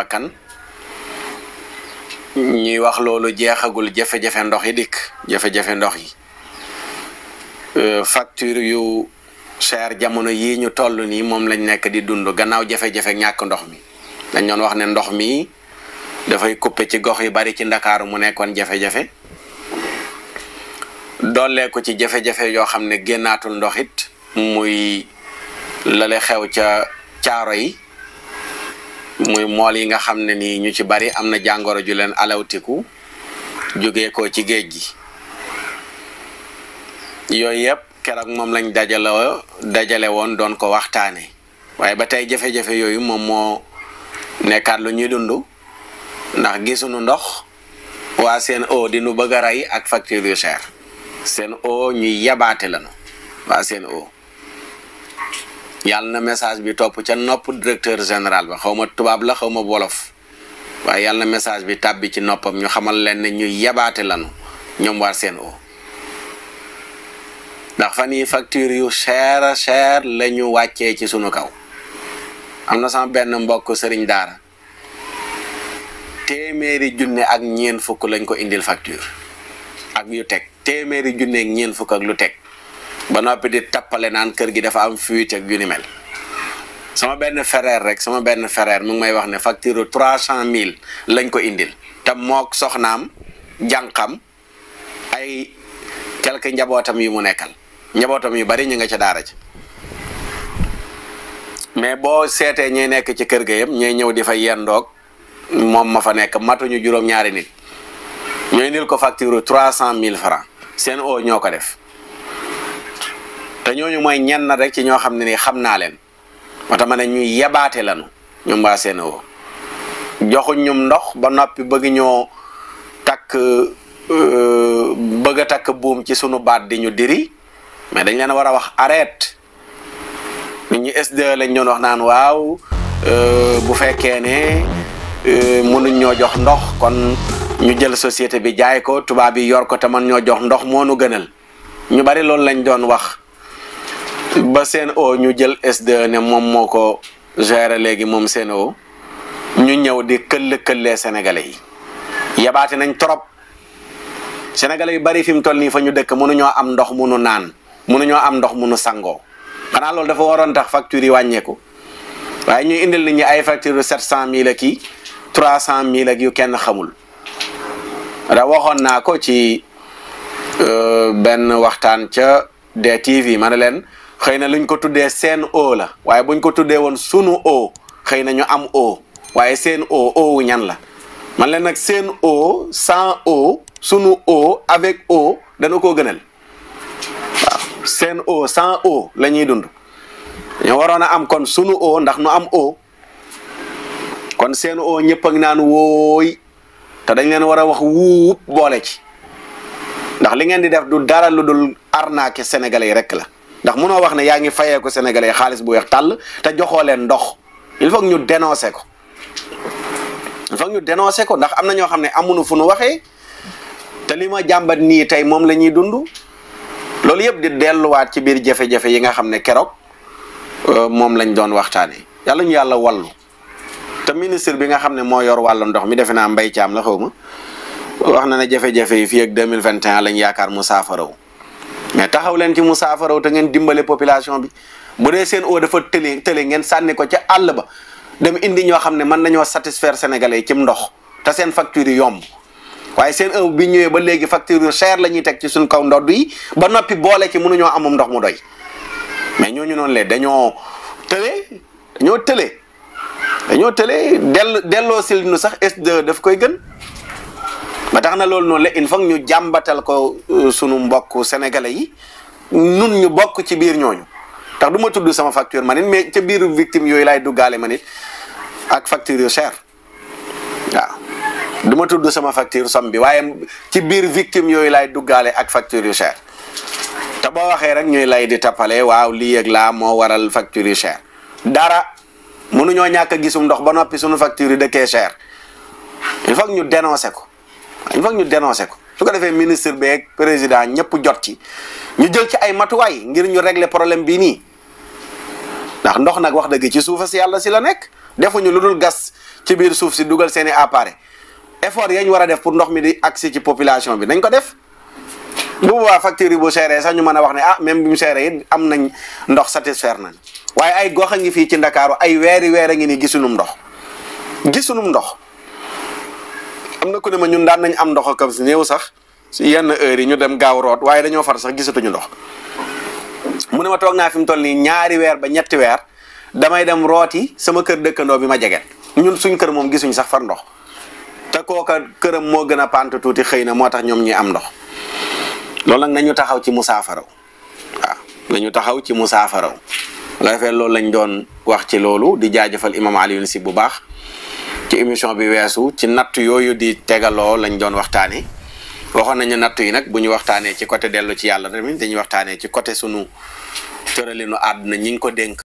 bakkan ñuy wax loolu jeexagul jafe-jafe ndox yi dikk jafe ndox yi euh, facture yu cher jamono yii ñu toll nii moom lañ nekk di dund gannaaw jafe-jafe ñàkk ndox mi dañ doon wax ne ndox mi dafay coupé ci gox yu bari ci ndakaaru mu nekkoon jafe-jafe dollee ko ci jafe-jafe yoo xam ne génnaatul ndox it muy lale xew ca caaro yi muy mool yi nga xam ne nii ñu ci bari am na jàngoro ju leen alawtiku jóge ko ci géej gi yooyu yëpp keroog moom lañ dajale woon doon ko waxtaane waaye ba tey jafe-jafe yooyu moom moo nekkaat lu ñuy dund ndax gisuñu ndox waa seen o di nu bëgg ak facture yu seen o ñuy yabaate lañu waa seen o yàlla na message bi topp ca nopp directeur général ba xaw ma tubaab la xaw ma wolof waaye yàlla na message bi tàbbi ci noppam ñu xamal leen ne ñu yabaate lanu ñoom waar seen o ndax fan yi facture yu cher cher la ñu wàccee ci sunu kaw am na sama benn mbokk sëriñ daara téeméeri junne ak ñeen fukk lañ ko indil facture ak yu teg téeméeri junne ak fukk lu teg ba noppi di tappale naan kër gi dafa am fuite ak yu sama benn frère rek sama benn frère mu ngi may wax ne facture trois cent mille lañ ko indil te mook soxnaam jànqam ay quelque njabootam yu mu nekkal njabootam yu bari ñu nga ca daara ci mais boo seetee ñuy nekk ci kër ga yëpp ñooy ñëw di fa yendoog moom ma fa nekk matoñu juróom-ñaari nit ñooy nil ko facture trois cent mille francs seen o ñoo ko def te ñooñu mooy ñenna rek ci ñoo xam ne ni xam naa leen moo tax ma ne ñuy yebaate lanu ñoom waa Sénégal joxuñ ñum ndox ba noppi bëgg ñoo takk euh, bëgg a takk buum ci sunu baat di ñu diri mais dañ leen war a wax arrête nit ñi e lañ ñoon wax naan waaw euh, bu fekkee ne euh, mënuñ ñoo jox ndox kon ñu jël société bi jaay ko tubaab yi yor ko te man ñoo jox ndox moo nu gënal ñu bari loolu lañ doon wax ba Sen'Eau ñu jël SDE ne moom moo ko gérer léegi moom Sen'Eau ñu ñëw di këll këllee sénégalais yi yabaate nañ trop sénégalais yi bari fi mu toll nii fa ñu dëkk mënuñoo am ndox munu naan mënuñoo am ndox munu sangoo xanaa loolu dafa waroon tax factures yi wàññeeku waaye ñu indil nit ay facture yu sept cent mille ak trois cent mile ak yu kenn xamul da waxoon naa ko ci euh, benn waxtaan ca DTV ma ne leen. xëy na luñ ko tuddee seen o la waaye buñ ko tuddee woon sunu o xëy na am o waaye seen o owu ñan la man leen nag seen o sans o sunu o avec o dana koo gënal waaw seen o sans o la ñuy dund ñu waroon a am kon sunu o ndax nu am o kon seen o ñëpp ak naan wooy te dañ leen war a wax wuub boole ci ndax li ngeen di def du dara lu dul arnaque sénégalais senegal rek la ndax munoo wax ne yaa ngi fayee ko sénégalais xaalis bu weex tàll te joxoo leen ndox il faut que ñu dénoncé ko il faut ko ndax am na ñoo xam ne amuñu fu nu waxee te li ma jàmbat nii tey moom la ñuy dund loolu yëpp di delluwaat ci biir jafe yi nga xam ne keroog euh, moom lañ doon waxtaanee yàlla ñu yàlla wallu te ministre bi nga xam ne moo yor wàllu ndox mi defe naa mbay caam la xaw ma wax na ne jafe-jafe yi fii ak 2021 lañ yaakaar mu saafaraw mais taxaw leen ci musaafaraw te ngeen dimbale population bi bu dee seen eau dafa tële tële ngeen sànni ko ca àll ba dem indi ñoo xam ne mën nañoo satisfaire sénégalais cim ndox te seen factures yi yomb waaye seen eau bi ñëwee ba léegi facture yu cher ñuy teg ci suñ kaw ndodd yi ba noppi boole ci ñoo amum ndox mu doy mais ñooñu noonu lee dañoo tële dañoo tële dañoo tële dell delloo sil sax S2 daf koy gën ba tax na loolu noonu le il ñu jàmbatal ko euh, sunu mbokk sénégalais yi nun ñu bokk ci biir ñooñu tax du ma tudd sama facture man it mais ca biir victime yooyu laay duggaale man it ak facture yu cher waaw du ma tudd sama facture somme bi waaye ci biir victime yooyu laay duggaale ak facture yu cher te boo waxee rek ñuy lay di tappale waaw lii yëg laa moo waral facture yu cher dara mënuñoo ñàkk a gisum ndox ba noppi sunu facture yi dëkkee cher il ñu dénoncer ko il faut ñu dénoncer ko su ko defee ministre beeg président ñëpp jot ci ñu jël ci ay matuwaay ngir ñu régler problème bii nii ndax ndox nag wax dëgg ci suufa si yàlla si la nekk defuñu lu dul gas ci biir suuf si dugal seeni appareil effort yañ war a def pour ndox mi di accès ci population bi nañ ko def bu waa facture yi bu seeree sax ñu mën a wax ne ah même bi mu seeree it am nañ ndox satisfaire nañ waaye ay gox a ngi fii ci ndakaaru ay weeri weer a ngi ni gisunum ndox gisunum ndox am na ku ne ma ñun daan nañ am ndox ak si néew sax si yenn heures yi ñu dem gaaw root waaye dañoo far sax gisatuñu ndox mu ne ma toog naa fi mu toll nii ñaari weer ba ñetti weer damay dem rooti sama kër dëkkandoo bi ma jege ñun suñ kër moom gisuñ sax far ndox te kooka këram moo gën a pant tuuti xëy na moo tax ñoom ñuy am ndox loolu na nañu taxaw ci musaafaraw waaw nañu taxaw ci musaafaraw bu ko defee loolu lañ doon wax ci loolu di jaajëfal imaam Alioune si bu baax. ci émission bi weesu ci natt yooyu di tegaloo lañ doon waxtaanee waxoon nañu natt yi nag bu ñu waxtaanee ci côté dellu ci yàlla tamit dañuy waxtaanee ci côté sunu tëralinu àdduna ñi ngi ko dénk.